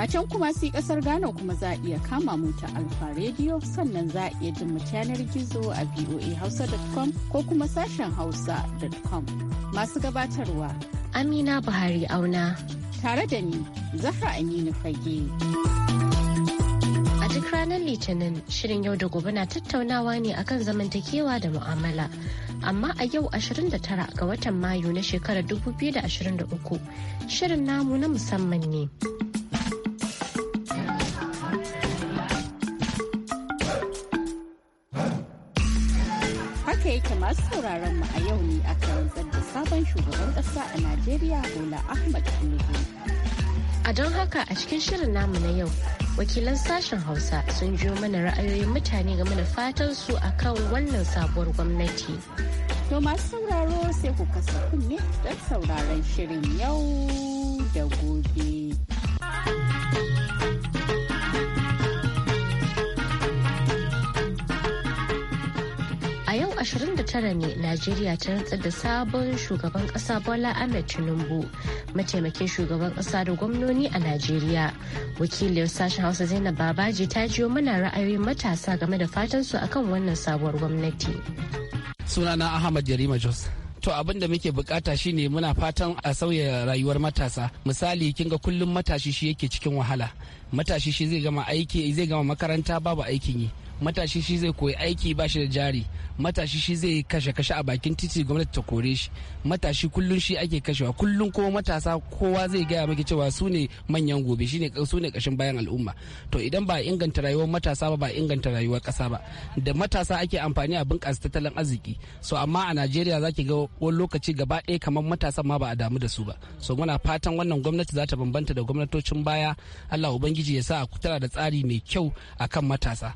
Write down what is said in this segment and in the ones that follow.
A can kuma sai kasar Ghana kuma za a iya kama mu ta Alfa Radio sannan za a iya jin yanar gizo a voahausa.com ko kuma sashen hausa.com. Masu gabatarwa Amina Buhari Auna. Tare da ni, Zahra Aminu Fage. A duk ranar Litinin, shirin yau da gobe na tattaunawa ne akan zamantakewa da mu'amala. amma a yau 29 ga watan mayu na shekarar 2023 shirin namu na musamman ne. masu sauraron mu a yau ne aka rantsar da sabon shugaban ƙasa a Najeriya Bola Ahmed Tinubu. A don haka a cikin shirin namu na yau wakilan sashen Hausa sun jiyo mana ra'ayoyin mutane game da fatan su a kan wannan sabuwar gwamnati. To masu sauraro sai ku kasa kunne don sauraron shirin yau da gobe. 29 ne Najeriya ta rantsar da sabon shugaban kasa Bola Ahmed Tinubu, mataimakin shugaban kasa da gwamnoni a Najeriya. wakilin sashen Hausa Zainab Babaji ta jiyo mana ra'ayoyin matasa game da fatan su akan wannan sabuwar gwamnati. Sunana Ahmad Yarima Jos. to abin da muke bukata shine muna fatan a sauya rayuwar matasa misali kin ga kullum matashi shi yake cikin wahala matashi shi zai gama aiki zai gama makaranta babu aikin yi matashi shi zai koyi aiki ba shi da jari matashi shi zai kashe kashe a bakin titi gwamnati ta kore shi matashi kullun shi ake kashewa kullun ko matasa kowa zai gaya maki cewa su ne manyan gobe shine su ne kashin bayan al'umma to idan ba inganta rayuwar matasa ba ba inganta rayuwar kasa ba da matasa ake amfani a bunƙasa tattalin arziki so amma a Najeriya zaki ga wani lokaci gaba ɗaya kamar matasan ma ba a damu da su ba so muna fatan wannan gwamnati za ta bambanta da gwamnatocin baya Allah ubangiji ya sa a tana da tsari mai kyau akan matasa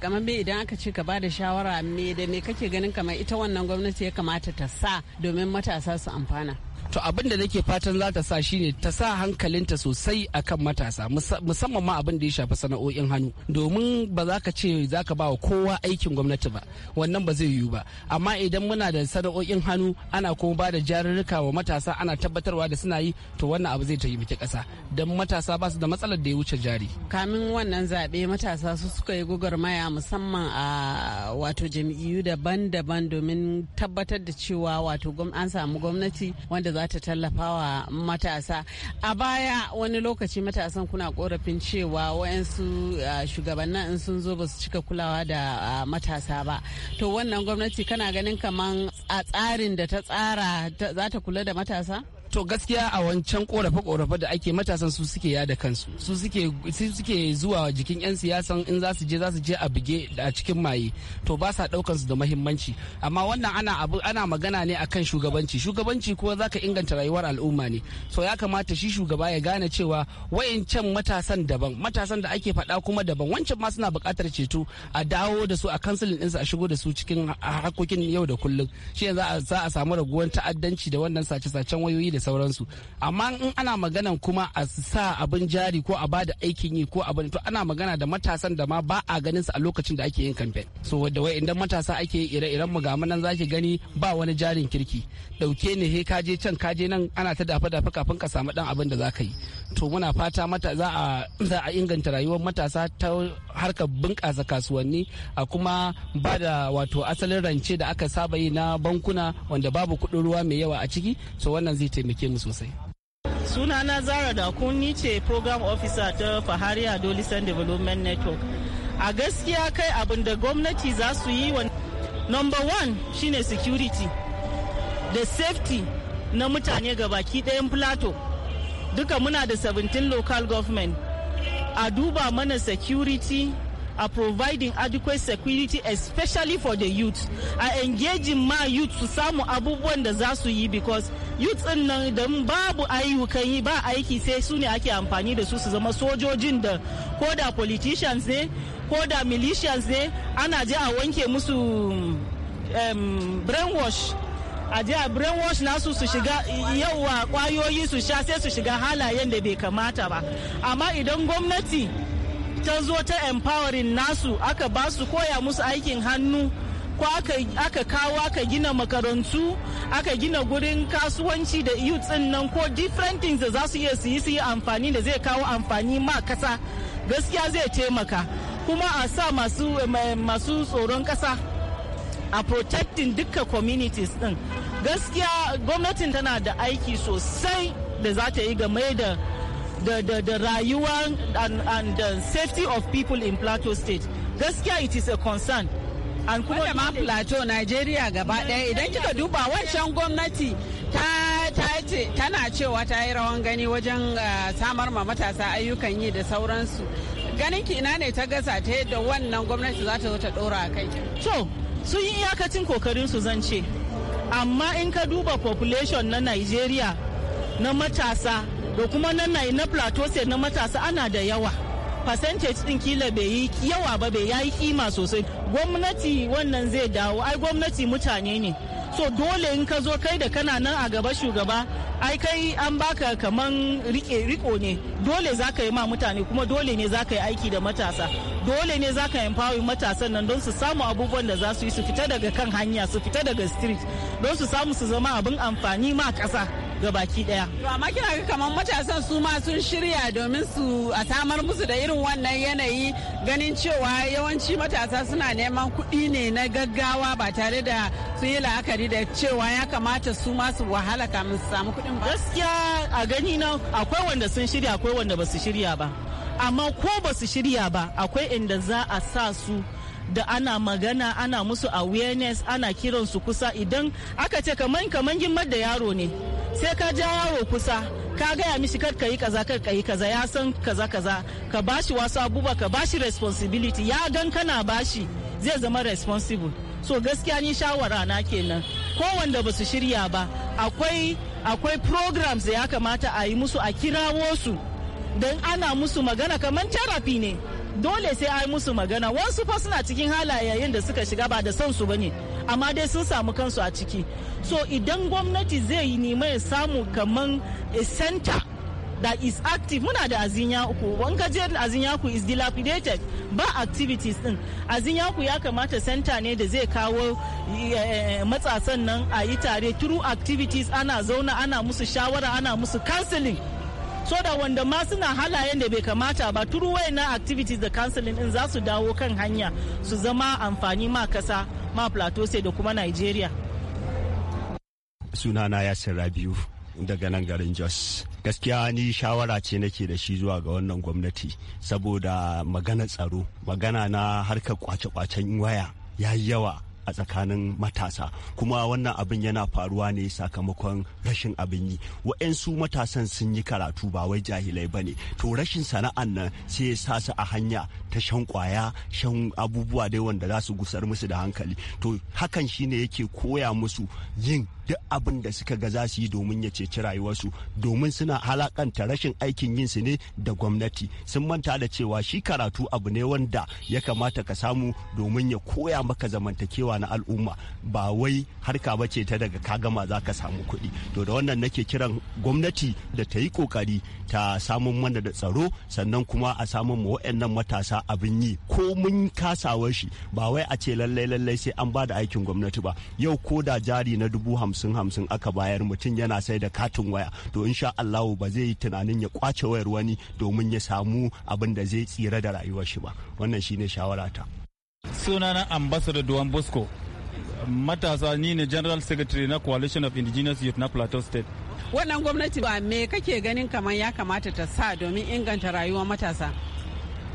kamar me idan aka ce ka ba da shawara me da me kake ganin kamar ita wannan gwamnati ya kamata ta sa domin matasa su amfana to abin da nake fatan za ta sa shine ta sa hankalinta sosai akan matasa musamman ma abin da ya shafi sana'o'in hannu domin ba za ka ce za ka ba wa kowa aikin gwamnati ba wannan ba zai yiwu ba amma idan muna da sana'o'in hannu ana kuma ba da jarurruka wa matasa ana tabbatarwa da suna yi to wannan abu zai taimaki kasa don matasa ba su da matsalar da ya wuce jari kamin wannan zaɓe matasa su suka yi gwagwarmaya musamman a wato jam'iyyu daban-daban domin tabbatar da cewa wato an samu gwamnati wanda za ta tallafa wa matasa a baya wani lokaci matasan kuna korafin cewa wayansu shugabannin in sun zo ba su cika kulawa da matasa ba to wannan gwamnati kana ganin kaman a tsarin da ta tsara za ta kula da matasa to gaskiya a wancan korafe korafe da ake matasan su suke yada kansu su suke zuwa jikin yan siyasan in za su je za su je a bige a cikin maye to ba sa daukan su da muhimmanci amma wannan ana abu ana magana ne akan shugabanci shugabanci kuma zaka inganta rayuwar al'umma ne so ya kamata shi shugaba ya gane cewa wayancan matasan daban matasan da ake faɗa kuma daban wancan ma suna buƙatar ceto a dawo da su a kansilin ɗinsu a shigo da su cikin harkokin yau da kullum shi yanzu za a samu raguwar ta'addanci da wannan sace-sacen wayoyi da da sauransu amma in ana magana kuma a sa abin jari ko a ba da aikin yi ko abin to ana magana da matasan da ma ba a ganin su a lokacin da ake yin kamfe so da wai idan matasa ake ire-iren mu ga nan zaki gani ba wani jarin kirki dauke ne he kaje can kaje nan ana ta dafa dafa kafin ka samu dan abin da zaka yi to muna fata mata za a za a inganta rayuwar matasa ta harkar bunƙasa kasuwanni a kuma ba da wato asalin rance da aka saba yi na bankuna wanda babu kuɗin ruwa mai yawa a ciki so wannan zai taimaka taimake mu sosai sunana zara da kunni ce program officer ta fahari adolescent development network a gaskiya kai abin da gwamnati za su yi wa number one shine security da safety na mutane ga baki ɗayan plato duka muna da 17 local government a duba mana security are providing adequate security especially for the youth a engaging ma youth su samu abubuwan da za su yi because youth din nan da babu ayyukan yi ba aiki sai su ne ake amfani da su su zama sojojin da ko da politicians ne ko da militias ne ana je a wanke musu um, brainwash a je a brainwash nasu su shiga yauwa kwayoyi su sha sai su shiga halayen da bai kamata ba amma idan gwamnati ta zo ta empowering nasu aka ba su koya musu aikin hannu ko aka kawo aka gina makarantu aka gina gurin kasuwanci da youth nan ko different things da za su iya su yi su yi amfani da zai kawo amfani ma kasa gaskiya zai taimaka kuma a sa masu tsoron kasa a protecting dukkan communities din gaskiya gwamnatin tana da aiki sosai da za ta yi game da the, the, the rayuwa and, and the safety of people in plateau state gaskiya it is a concern an kuma ma plateau nigeria gaba daya idan kika duba wancan gwamnati ta tana cewa ta yi rawan gani wajen uh, samar ma matasa ayyukan yi da sauransu ganin ki ina ne ta gasa ta yadda wannan gwamnati za ta zo ta dora kai to sun yi iyakacin kokarin su zan ce amma in ka duba population na nigeria na matasa da kuma nan na na plateau na matasa ana da yawa percentage din kila bai yi yawa ba bai yayi kima sosai gwamnati wannan zai dawo ai gwamnati mutane ne so dole in ka zo kai da kana nan a gaba shugaba ai kai an baka kaman rike riko ne dole za ka yi ma mutane kuma dole ne za ka yi aiki da matasa dole ne za ka empower matasan nan don su samu abubuwan da za su yi su fita daga kan hanya su fita daga street don su samu su zama abin amfani ma kasa ga baki daya. To amma kina ga kamar matasan su ma sun shirya domin su a samar musu da irin wannan yanayi ganin cewa yawanci matasa suna neman kuɗi ne na gaggawa ba tare da sun yi la'akari da cewa ya kamata su ma su wahala kamin su samu kuɗin ba. Gaskiya a gani na akwai wanda sun shirya akwai wanda ba su shirya ba. Amma ko ba su shirya ba akwai inda za a sa su da ana magana ana musu awareness ana kiran su kusa idan aka ce kaman kaman gimmar da yaro ne sai ka ja yaro kusa ka gaya mishi kar ka yi kaza kar ka yi kaza ya san kaza kaza ka bashi wasu abubuwa ka bashi responsibility ya gan kana bashi zai zama responsible so gaskiya ni shawara na kenan ko wanda ba shirya ba akwai akwai programs ya kamata a yi musu a kirawo su don ana musu magana kaman therapy ne dole sai ai musu magana wasu fa suna cikin yayin da suka shiga ba da son su bane amma dai sun samu kansu a ciki so idan gwamnati zai yi nema ya samu kaman a center that is active muna da azinyaku wanka je azinyaku is dilapidated ba activities din azinyaku ya kamata center ne da zai kawo eh, eh, matsasan nan a yi tare through activities ana zauna ana musu shawara ana musu counseling so da wanda ma suna halayen da bai kamata ba turu na activities da counseling din za su dawo kan hanya su zama amfani ma kasa ma plateau sai da kuma nigeria suna sunana yasir rabiu daga nan garin jos gaskiya ni shawara ce nake da shi zuwa ga wannan gwamnati saboda magana tsaro magana na harkar kwace-kwacen waya ya yi yawa a tsakanin matasa kuma wannan abin yana faruwa ne sakamakon rashin abin yi wa'yansu matasan sun yi karatu ba wai jahilai ba ne to rashin sana'an nan sai ya sa su a hanya ta shan kwaya shan abubuwa dai wanda za su gusar musu da hankali to hakan shine yake koya musu yin duk abin da suka ga za su yi domin ya ceci rayuwarsu domin suna halakanta rashin aikin yin su ne da gwamnati sun manta da cewa shi karatu abu ne wanda ya kamata ka samu domin ya koya maka zamantakewa na al'umma ba wai harka ba ce ta daga ka gama za ka samu kuɗi to da wannan nake kiran gwamnati da ta yi kokari ta samun mana da tsaro sannan kuma a samun mu waɗannan matasa abin yi ko mun kasawar shi ba wai a ce lallai lallai sai an ba da aikin gwamnati ba yau ko da jari na dubu hamsin hamsin hamsin aka bayar mutum yana sai da katin waya to insha allahu ba zai yi tunanin ya kwace wayar wani domin ya samu abin da zai tsira da rayuwar shi ba wannan shine ta sunana ambassador duwan bosco matasa ni ne general secretary na coalition of indigenous youth na plateau state wannan gwamnati ba me kake ganin kamar ya kamata ta sa domin inganta rayuwar matasa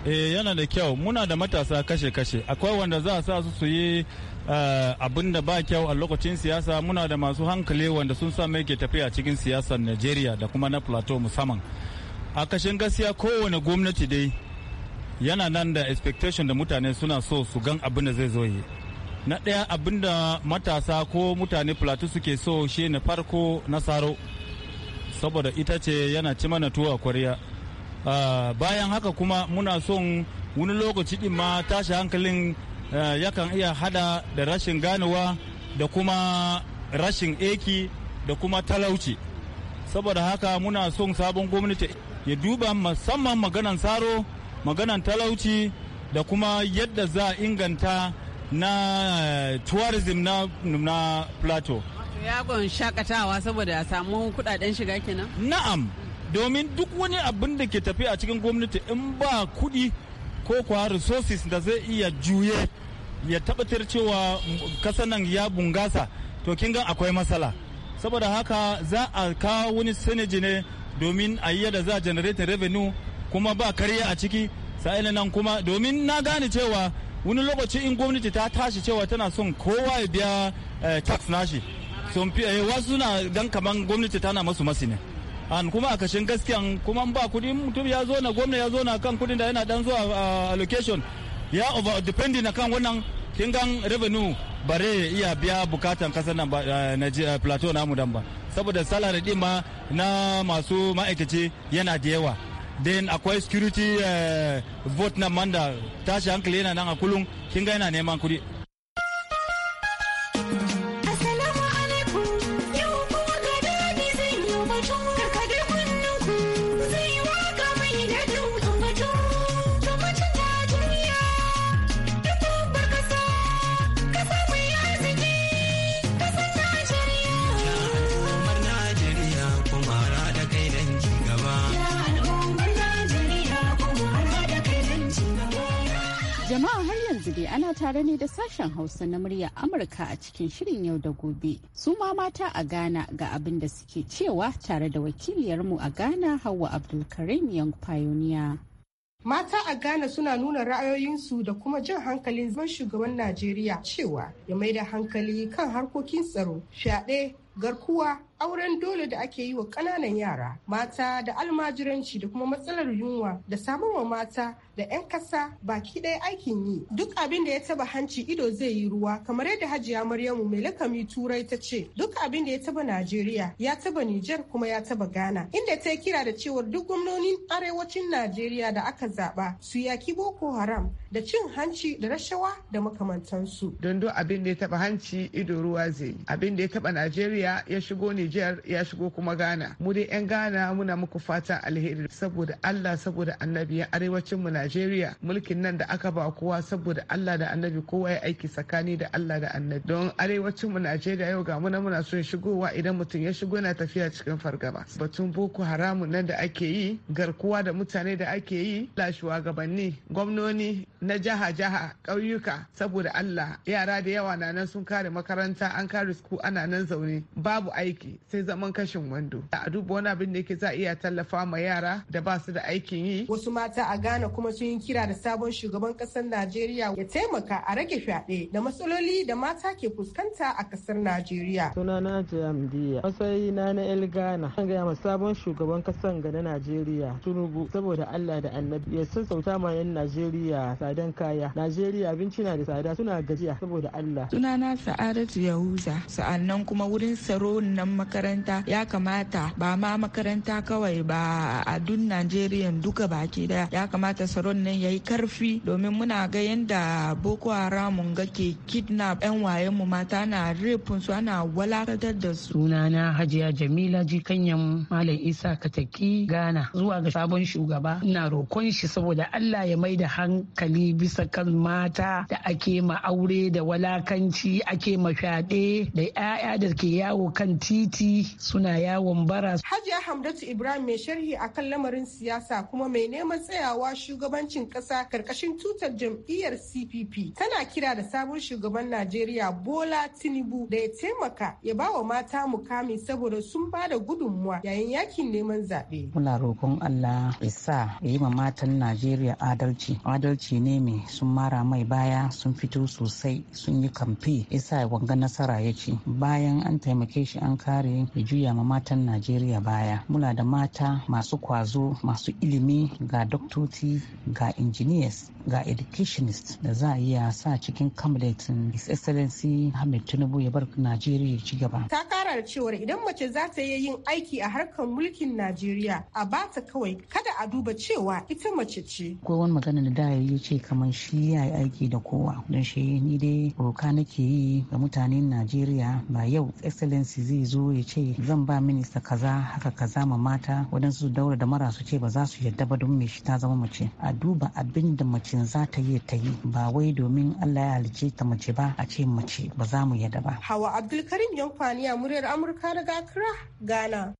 eh yana da kyau muna da matasa kashe-kashe akwai wanda za a sa su su yi Eh, abin da ba kyau a lokacin siyasa muna da masu hankali wanda sun sa ke tafiya cikin siyasar Najeriya da kuma na plateau musamman. A kashin gaskiya kowane gwamnati dai yana nan da expectation da mutane suna so su gan abin da zai zo yi. Na ɗaya abin da matasa ko mutane plateau suke so shi na farko na saro. Saboda ita ce yana ci mana tuwa kwarya. Eh, bayan haka kuma muna son wani lokaci ɗin ma tashi hankalin Eh, yakan iya hada da rashin ganewa da kuma rashin eki da kuma talauci saboda haka muna son sabon gwamnati ya duba musamman maganan tsaro maganan talauci da kuma yadda za a inganta na eh, tourism na, na plateau yagon shakatawa saboda a samu kudaden shiga kenan na'am domin duk wani abin da ke tafi a cikin gwamnati in ba kudi ko kwa resources da zai iya juye ya tabbatar cewa kasanan nan ya bungasa to kin ga akwai matsala saboda haka za a kawo wani sanaji ne domin a yi yadda za a generate revenue kuma ba karya a ciki sa'ina nan kuma domin na gane cewa wani lokaci in gwamnati ta tashi cewa tana son kowa ya biya eh, tax nashi sun fi eh, wasu na dan kaman gwamnati tana masu masu ne an kuma a kashin gaskiyan kuma ba kudi mutum ya zo na gwamnati ya zo na kan kudin da yana dan zuwa ah, allocation ya over depending akan wannan kingan revenue bare iya biya bukatan kasar nan na eh, eh, plateau namu dan ba saboda salary din ma na masu ma'aikaci yana da yawa then akwai security eh, vote na manda tashi hankali yana nan a kullum kinga yana neman kuɗi dai ana tare ne da sashen Hausa na murya Amurka a cikin shirin yau da gobe. Su ma mata a Ghana ga abin da suke cewa tare da wakiliyarmu a Ghana Hauwa Abdulkarim Young Pioneer. Mata a Ghana suna nuna ra'ayoyinsu da kuma jan hankalin zaman shugaban Najeriya cewa ya mai da hankali kan harkokin tsaro, fyaɗe, garkuwa auren dole da ake yi wa ƙananan yara mata da almajiranci da kuma matsalar yunwa da samarwa mata da 'yan kasa baki ɗaya aikin yi duk abin da ya taba hanci ido zai yi ruwa kamar yadda hajiya maryamu mai lakami turai ta ce duk abin da ya taba najeriya ya taba nijar kuma ya taba ghana inda ta kira da cewar duk gwamnonin arewacin najeriya da aka zaɓa su yaki boko haram da cin hanci da rashawa da makamantansu don abin da ya taba hanci ido ruwa zai abin da ya taba najeriya ya shigo ne Nijar ya shigo kuma Ghana. Mu dai 'yan Ghana muna muku fatan alheri saboda Allah saboda annabi ya arewacin mu Najeriya mulkin nan da aka ba kowa saboda Allah da annabi kowa ya aiki tsakani da Allah da annabi. Don arewacin mu Najeriya yau ga muna muna son shigowa idan mutum ya shigo na tafiya cikin fargaba. Batun Boko Haramun nan da ake yi garkuwa da mutane da ake yi la gabanni gwamnoni na jaha-jaha ƙauyuka saboda Allah yara da yawa na nan sun kare makaranta an kare su ana nan zaune babu aiki sai zaman kashin wando a duba wani abin da yake za iya tallafa ma yara da ba su da aikin yi wasu mata a ghana kuma sun yi kira da sabon shugaban kasar najeriya ya taimaka a rage fyaɗe da matsaloli da mata ke fuskanta a kasar najeriya sunana jamdiya matsayi na na el ghana an gaya ma sabon shugaban kasar ga na najeriya tunubu saboda allah da annabi ya san sauta ma yan najeriya tsadan kaya najeriya abinci na da tsada suna gajiya saboda allah sunana sa'adatu yahuza sa'annan kuma wurin tsaro nan makaranta ya kamata ba ma makaranta kawai ba a dun najeriya duka baki daya ya kamata tsaron nan ya yi karfi domin muna ga yadda boko haram ga ke kidnap yan wayen mu mata na rifin su ana walakatar da su sunana hajiya jamila jikanyan malam isa kataki ghana zuwa ga sabon shugaba ina roƙon shi saboda allah ya mai da hankali bisa kan mata da ake ma aure da walakanci ake ma fyaɗe da 'ya'ya da ke yawo kan titi titi suna yawon bara. Hajiya Hamdatu Ibrahim mai sharhi a kan lamarin siyasa kuma mai neman tsayawa shugabancin ƙasa karkashin tutar jam'iyyar CPP tana kira da sabon shugaban Najeriya Bola Tinubu da ya taimaka ya ba wa mata mukami saboda sun ba da gudunmuwa yayin yakin neman zaɓe. Muna roƙon Allah ya sa ya yi ma matan Najeriya adalci. Adalci ne mai sun mara mai baya sun fito sosai sun yi kamfe ya sa wanga nasara ya ce bayan an taimake shi an kare yin ya juya ma matan najeriya baya muna da mata masu kwazo masu ilimi ga doktoci ga engineers ga educationist da za a iya sa cikin kamletin his excellency hamid tinubu ya bar najeriya ci gaba ta karar cewar idan mace za ta yi yin aiki a harkar mulkin najeriya a bata kawai kada a duba cewa ita mace ce ko wani magana da da ya ce kamar shi ya yi aiki da kowa don shi ni dai roka nake yi ga mutanen najeriya ba yau excellency zai zo ya ce zan ba minista kaza haka kaza ma mata wadansu daura da mara su ce ba za su yadda ba don me shi ta zama mace a duba abinda mace macen za ta yi ta yi ba wai domin Allah ya halice ta mace ba a ce mace ba za mu yada ba. Hawa Abdulkarim Yankwaniya muryar Amurka daga Accra, Ghana.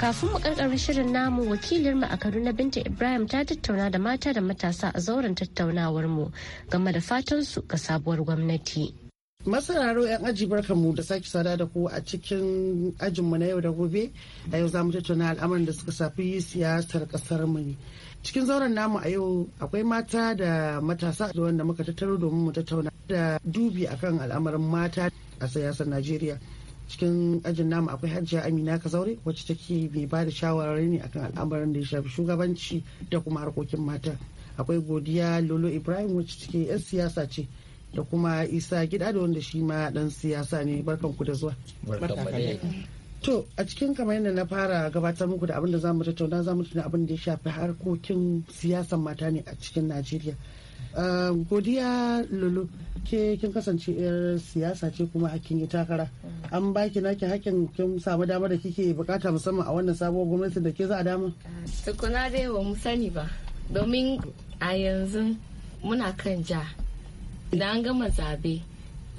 Kafin mu karkarin shirin namu wakilinmu a Kaduna Binta Ibrahim ta tattauna da mata da matasa a zauren tattaunawar mu game da fatansu ga sabuwar gwamnati. Masararo 'yan aji mu da sake sada da ku a cikin ajinmu na yau da gobe a yau za mu tattauna al'amarin da suka safi siyasar kasar mu ne. Cikin zauren namu a yau akwai mata da matasa da wanda muka tattaro domin mu tattauna da dubi akan al'amarin mata a siyasar Najeriya. cikin ajin namu akwai hajiya amina kazaure wacce take mai ba da shawarar ne akan al'amarin da ya shafi shugabanci da kuma harkokin mata akwai godiya lolo ibrahim wacce take yan siyasa ce da kuma isa gida da wanda shi ma dan siyasa ne barkan ku da zuwa to a cikin kamar yadda na fara gabatar muku da abin da za mu tattauna za mu tuna abin da ya shafi harkokin siyasan mata ne a cikin najeriya Ehm, godiya lulu ke kin kasance yar siyasa ce kuma kin yi takara an baki naki hakkin kin samu dama da kike bukata musamman a wannan sabuwar gwamnatin da ke za a dama tukuna dai ba mu sani ba domin a yanzu muna kan ja da an gama zabe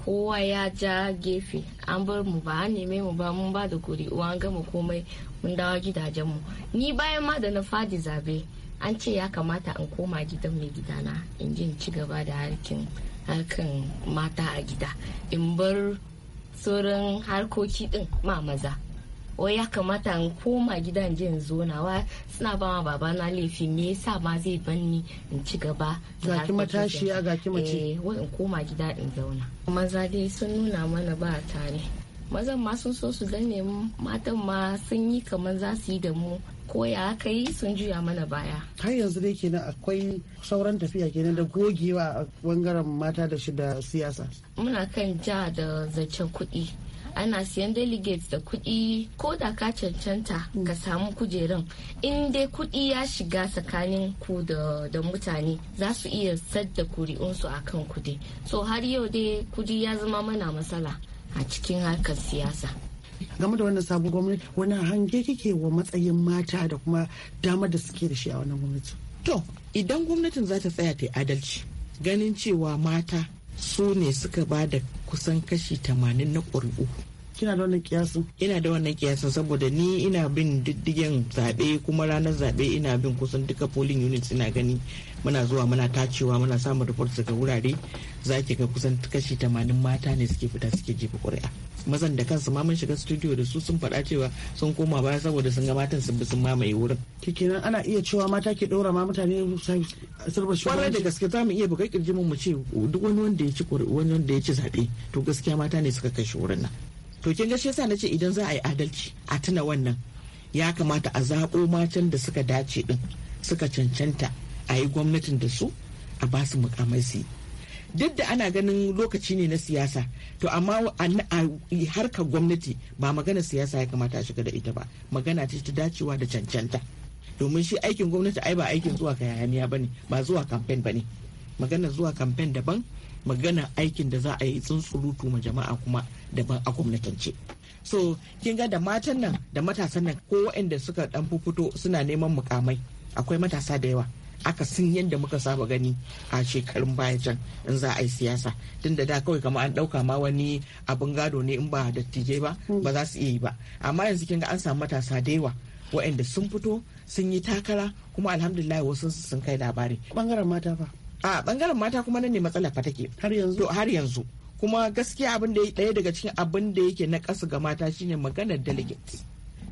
kowa ya ja gefe an bar mu ba an neme mu ba mun ba da uwa an gama komai mun dawo gidajen mu ni bayan ma da na fadi zabe an ce ya kamata in koma gidan mai gidana in ji ci gaba da harkin harkan mata a gida in bar sauran harkoki din ma maza wai ya kamata in koma in jin wa suna ba baba na laifi me yasa ma zai banni in ci gaba ga ki matashi a ga ki mace eh wai in koma gida in zauna maza dai sun nuna mana ba tare mazan ma sun so su danne matan ma sun yi kamar za su yi da mu koya aka yi sun juya mana baya har yanzu dai kenan akwai sauran tafiya kenan da gogewa a bangaren mata da shi da siyasa muna kan ja da zancen kuɗi ana siyan delegates da kuɗi ko da ka cancanta ka samu kujerun in dai kuɗi ya shiga tsakanin ku da mutane za su iya sadda kuri'unsu a kan kuɗi so har yau dai kuɗi ya zama mana matsala a cikin harkar siyasa game da wannan sabon gwamnati wani hange kike wa matsayin mata da kuma damar da suke da shi a wannan gwamnati to idan gwamnatin za ta tsaya ta adalci ganin cewa mata su ne suka ba da kusan kashi 80 na ƙuri'u kina da wannan kiyasin ina da wannan kiyasin saboda ni ina bin diddigen zaɓe kuma ranar zaɓe ina bin kusan duka polling units ina gani muna zuwa muna tacewa muna samun report daga wurare za ki ga kusan kashi tamanin mata ne suke fita suke jefa ƙuri'a mazan da kansu ma mun shiga studio da su sun faɗa cewa sun koma baya saboda sun ga matan sun bi sun mamaye wurin kikinan ana iya cewa mata ke ɗora ma mutane sarba shi kwarai da gaske za mu iya buga kirjimin mu ce duk wani wanda ya ci wani wanda ya ci zaɓe to gaskiya mata ne suka kai shi wurin nan to kin ga shi yasa nace idan za a yi adalci a tuna wannan ya kamata a zaɓo matan da suka dace din suka cancanta a yi gwamnatin da su a ba su mukamai duk da ana ganin lokaci ne na siyasa to amma a harkar gwamnati ba magana siyasa ya kamata a shiga da ita ba magana ce ta dacewa da cancanta domin shi aikin gwamnati ai ba aikin zuwa ga hayaniya bane ba zuwa kamfen bane magana zuwa kamfen daban magana aikin da za a yi tsuntsurutu ma jama'a kuma daban a gwamnatance so kin ga da matan nan da matasan nan ko waɗanda suka dan fito suna neman mukamai akwai matasa da yawa aka sun yadda muka saba gani a shekarun baya can in za a yi siyasa tun da kawai kama an ɗauka ma wani abin gado ne in ba dattijai ba ba za su iya yi ba amma yanzu kin ga an samu matasa da yawa waɗanda sun fito sun yi takara kuma alhamdulillah wasu sun kai labari bangaren mata ba a bangaren mata kuma nan ne matsala fa take har yanzu har yanzu kuma gaskiya abin da daya daga cikin abin da yake na kasu ga mata shine maganar delegate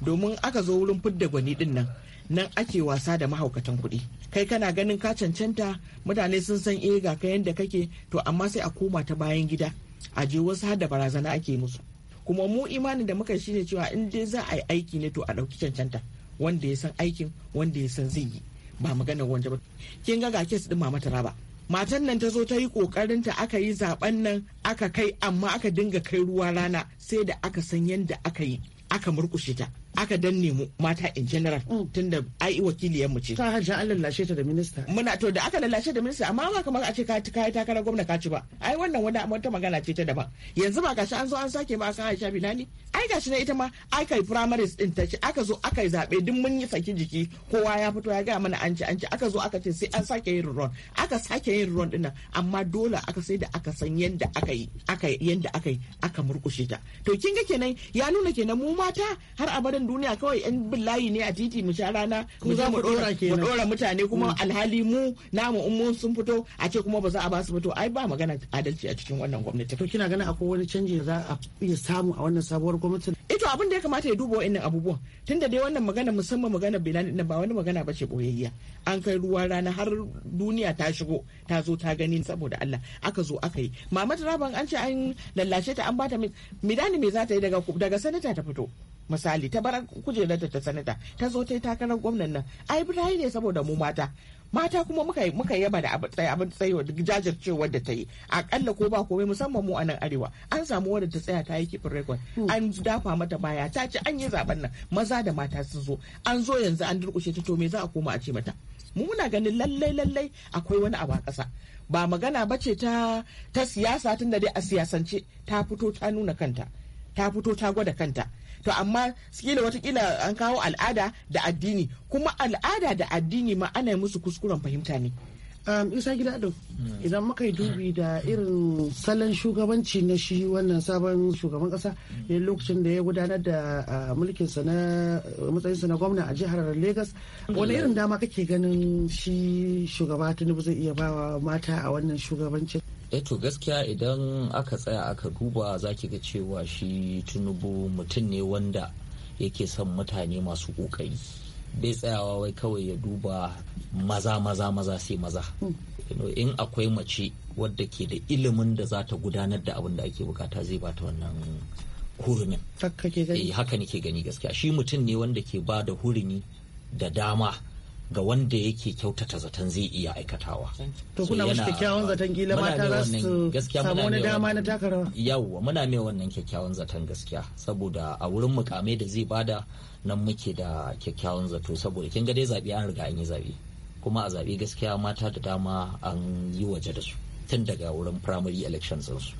domin aka zo wurin fidda gwani din nan nan ake wasa da mahaukatan kuɗi kai kana ganin ka cancanta mutane sun san eh ga ka yanda kake to amma sai a koma ta bayan gida a je wasu har da barazana ake musu kuma mu imanin da muka shine cewa in dai za a yi aiki ne to a ɗauki cancanta wanda ya san aikin wanda ya san zai yi ba maganar wanda ba kin ga ga kes din mama taraba matan nan ta zo ta yi kokarin ta aka yi zaben nan aka kai amma aka dinga kai ruwa rana sai da aka san yadda aka yi aka murkushe ta aka danne mu mata in general mm. tunda ai wakili mu ce ta an lalace ta da minista muna to da aka lallashe da minista amma ba kamar a ce ka yi takarar gwamna ka ci ba ai wannan wani wata magana ce ta daban yanzu ba gashi an zo an sake ba a san Aisha Bilali ai gashi na ita ma ai kai primaries din ta ce aka zo aka yi zabe duk mun yi saki jiki kowa ya fito ya ga mana an ci an ci aka zo aka ce sai an sake yin run aka sake yin run ina amma dole aka sai da aka san yanda aka yi aka yanda aka yi aka murkushe ta to kin ga kenan ya nuna kenan mu mata har abadan duniya kawai yan bin layi ne a titi mu sha rana mu za mu dora mutane kuma mm. alhali mu namu in sun fito a ce kuma ba za a ba su fito ai ba magana adalci a cikin wannan gwamnati to kina ganin akwai wani canji za a iya samu a wannan sabuwar gwamnati ito eh abin da ya kamata ya duba wa'annan abubuwan tunda dai wannan magana musamman magana din ba wani magana ba ce boyayya an kai ruwa rana har duniya ta shigo ta zo ta gani saboda Allah aka zo aka yi Mama Taraban an ce an lallace ta an bata midani me za ta yi daga daga sanata ta fito misali ta bar kujerarta ta sanata ta zo ta yi takarar gwamnan nan ai birayi ne saboda mu mata mata kuma muka yaba da abin tsaye abin da jajircewar da ta yi akalla ko ba komai musamman mu a nan arewa an samu wadda ta tsaya ta yi kifin rekod hmm. an dafa mata baya ta ce an yi zaben nan maza da mata sun zo an zo yanzu an durkushe ta to me za a koma a ce mata mu muna ganin lallai lallai akwai wani abu a ƙasa ba magana ba ce ta ta siyasa da dai a siyasance ta fito ta nuna kanta ta fito ta gwada kanta to amma kila watakila an kawo al'ada da addini kuma al'ada da addini ma ana yi musu kuskuren fahimta ne Um, isa gida ɗin idan muka yi dubi da irin salon shugabanci na shi wannan sabon shugaban ƙasa ne lokacin da ya gudanar da uh, mulkinsa na uh, matsayinsa na gwamna a jihar lagos wani irin dama kake ganin shi shugaba tinubu zai iya bawa mata a wannan shugabanci. eto eh gaskiya idan aka tsaya aka duba zaki ga cewa shi tinubu mutum ne wanda yake son mutane masu kokari bai tsayawa wai kawai ya duba maza maza maza sai maza hmm. in akwai mace wadda ke da ilimin da za ta gudanar da abin da ake bukata zai bata wannan hurumin eh, haka nake gani gaskiya shi mutum ne wanda ke ba da hurumi da dama ga wanda yake kyautata zaton zai iya aikatawa. To kuna mashi kyakkyawan zaton gila mata za su samu wani dama na takarawa Yawwa muna mai wannan kyakkyawan zaton gaskiya saboda a wurin mukame da zai bada nan muke da kyakkyawan zato saboda kin ga dai zaɓe an riga an yi zaɓe kuma a zaɓe gaskiya mata da dama an yi waje da su tun daga wurin primary elections su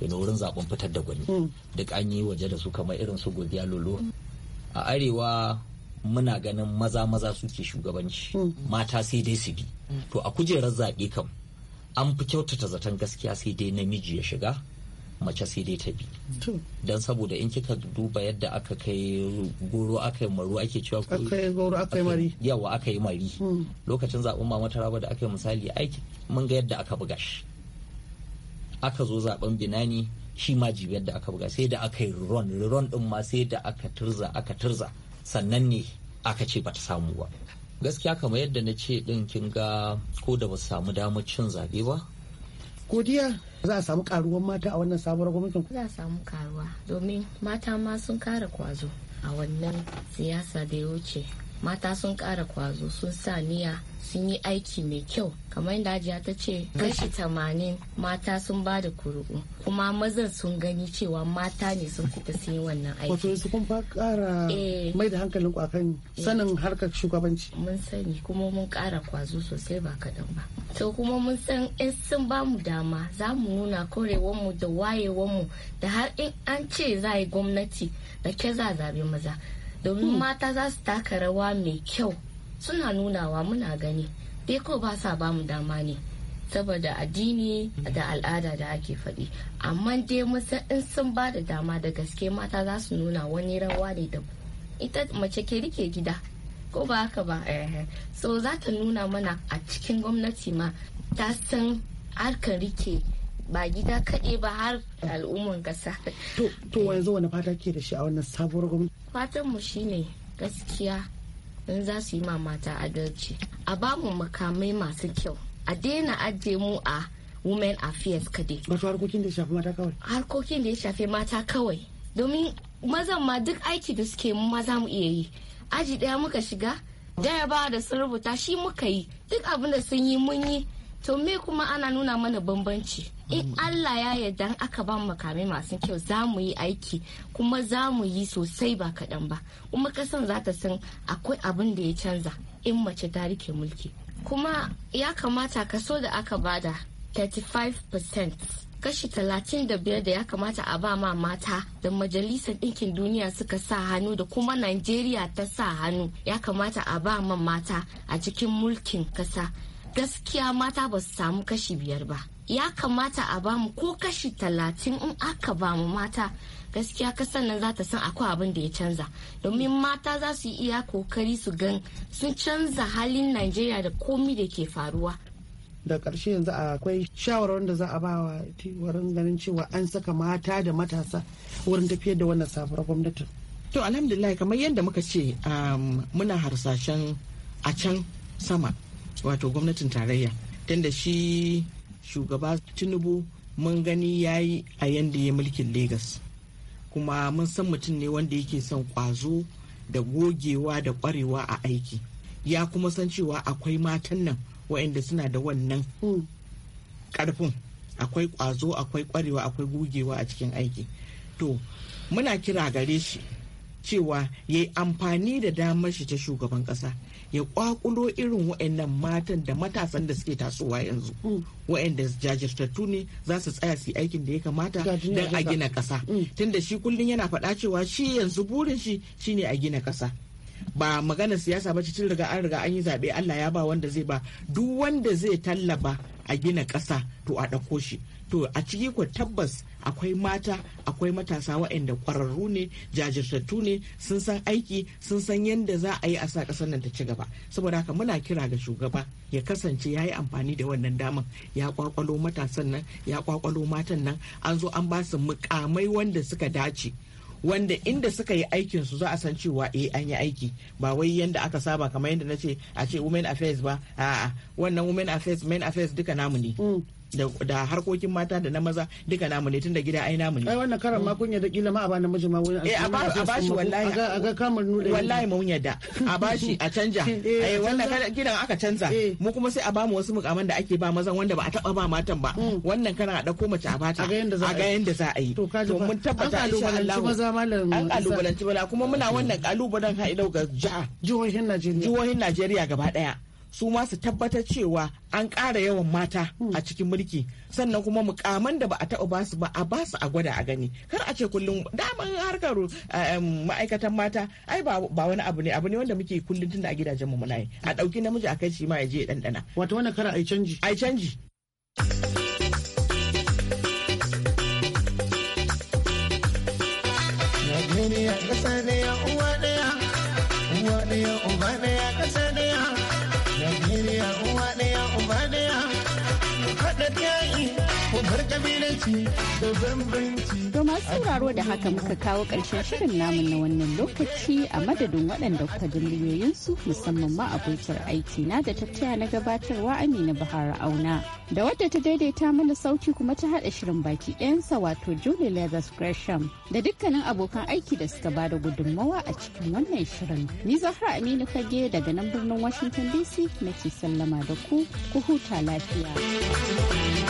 yana wurin zaben fitar da gwani hmm. duk an yi waje da su kamar irin su godiya lolo a arewa muna ganin maza maza suke shugabanci hmm. mata sai dai su bi hmm. to a kujerar zaɓe kam an fi kyautata zaton gaskiya sai dai namiji ya shiga mace sai dai ta bi don saboda in kika duba yadda aka kai goro aka yi maru ake cewa aka yi goro aka yi mari yawa aka yi mari hmm. lokacin zaɓen mama taraba da aka yi misali aiki mun ga yadda aka buga shi aka zo zaɓen binani shi ma jibi yadda aka buga sai da aka yi ron ron din ma sai da aka turza aka turza sannan ne aka ce bata samu ba gaskiya kamar yadda na ce din kin ga ko da ba samu damar cin zaɓe ba godiya za a samu karuwan mata a wannan sabuwar gwamnatin za a samu karuwa domin mata ma sun kara kwazo a wannan siyasa da ya wuce mata sun ƙara kwazo sun sa niya sun yi aiki mai kyau kamar yadda ajiya ta ce kashi tamanin mata sun ba da kuru'u kuma mazan sun gani cewa mata ne sun fita sun yi wannan aiki wato su kun kara eh. mai da hankalin kwakan sanin harkar shugabanci mun sani kuma mun kara kwazo sosai ba kaɗan ba to kuma mun san in sun ba mu dama za mu nuna korewar mu da wayewar mu da har in an ce za yi gwamnati da ke za zabe maza domin mata za su taka rawa mai kyau suna nunawa muna gani dai ko ba sa ba mu dama ne saboda addini da al'ada da ake faɗi amma dai musan in sun ba da dama da gaske mata za su nuna wani rawa ne da ita mace ke rike gida ko ba haka ba so za ta nuna mana a cikin gwamnati ma ta san harkar rike ba gida kaɗai ba har al'umman ƙasa. To yanzu wani fata ke da shi a wannan sabuwar gwamnati? Fatan mu shine gaskiya in za su yi ma mata adalci. A ba mu makamai masu kyau. A daina ajiye mu a Women Affairs kaɗai. Wato harkokin da ya shafi mata kawai? Harkokin da ya shafi mata kawai. Domin mazan ma duk aiki da suke mu ma mu iya yi. Aji ɗaya muka shiga, ba da sun rubuta shi muka yi. Duk abin da sun yi mun yi. to me kuma ana nuna mana bambanci in allah ya yarda aka ba makamai masu kyau za mu yi aiki kuma za mu yi sosai ba kaɗan ba kuma kasan za ta san akwai abin da ya canza in mace ta rike mulki kuma ya kamata kaso da aka ba bada 35% kashi talatin da biyar ya kamata a ba ma mata da majalisar ɗinkin duniya suka sa hannu da kuma Najeriya ta sa hannu ya kamata a ba ma mata a cikin mulkin kasa gaskiya mata ba su samu kashi biyar ba ya kamata a bamu ko kashi talatin in aka bamu mata gaskiya kasan nan za ta san akwai abin da ya canza domin mata za su yi iya kokari su gan sun canza halin najeriya da komi da ke faruwa da karshe yanzu akwai shawarar da za a ba wa wurin ganin cewa an saka mata da matasa wurin tafiyar da wannan sabuwar gwamnatin to alhamdulillah kamar yadda muka ce um, muna harsashen a can sama wato gwamnatin tarayya tunda shi shugaba tinubu mun gani ya yi a yadda ya mulkin Legas kuma mun san mutum ne wanda yake son kwazo da gogewa da kwarewa a aiki ya kuma san cewa akwai matan nan waɗanda suna da wannan karfin hmm. akwai kwazo akwai kwarewa akwai gogewa a cikin aiki to muna kira gare shi cewa ya yi amfani da damar shi ta shugaban ƙasa ya kwakulo irin wa'annan matan da matasan da suke tasowa yanzu mm. wa'anda jajirtattu ne za su tsaya su aikin da ya kamata don a gina kasa mm. tunda shi kullum yana faɗa cewa shi yanzu burin shi shine a gina kasa ba magana siyasa ba tun riga an riga an yi zaɓe Allah ya ba wanda zai ba duk wanda zai tallaba a gina ƙasa to a ɗauko shi to a ciki ko tabbas akwai mata akwai matasa waɗanda ƙwararru ne jajirtattu ne sun san aiki sun san yadda za a yi a sa ƙasar nan ta ci gaba saboda haka muna kira ga shugaba ya kasance ya yi amfani da wannan daman ya ƙwaƙwalo matasan nan ya ƙwaƙwalo matan nan an zo an ba su mukamai wanda suka dace wanda inda suka yi aikin su za a san cewa eh an yi aiki ba wai yanda aka saba kamar yadda na ce a ce women affairs ba a'a wannan women affairs men affairs duka namu ne mm. da harkokin mata da na maza duka namu ne tun da gida ai namu ne ai wannan karan ma kunya da kila ma a bani miji ma wani a eh, ba a bashi wallahi a ga kamar da wallahi mun yadda a shi a canja ai eh, eh, wannan gidan aka canza mu kuma sai a bamu wasu mukaman da ake ba mazan wanda ba a taba ba matan ba mm. wannan kana a dauko mace a bata a ga yanda za a yi to mun tabbata insha Allah an kalubalanci bala kuma muna mm. wannan kalubalan ha idau ga jiha jihohin Najeriya jihohin Najeriya gaba daya su ma su tabbatar cewa an ƙara yawan mata a cikin mulki sannan kuma mukaman da ba a taɓa basu ba a basu a gwada a gani kar a ce kullum daman harkar ma'aikatan mata ai ba wani abu ne abu ne wanda muke kullum tun da a gidajen mu muna yi a ɗauki namiji a kai shi ma ya je ya ɗanɗana. wato wannan kara ai canji. ai canji. Yeah. bambanci da To masu sauraro da haka muka kawo ƙarshen shirin namun na wannan lokaci a madadin waɗanda kuka ji su musamman ma abokiyar aiki na da tattaya na gabatarwa Amina Bahara Auna. Da wadda ta daidaita mana sauki kuma ta haɗa shirin baki ɗayansa wato Julie Leathers Gresham da dukkanin abokan aiki da suka ba da gudunmawa a cikin wannan shirin. Ni Zahra Aminu Fage daga nan birnin Washington DC nake sallama da ku, ku huta lafiya.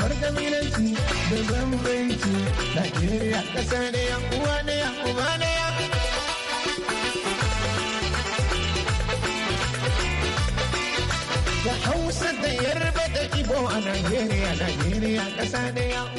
bar kabilanci da bambanci Najeriya ƙasa da yan uwa da yan uba da yan Da Hausa da Yarba da Ibo a Najeriya, Najeriya ƙasa da yan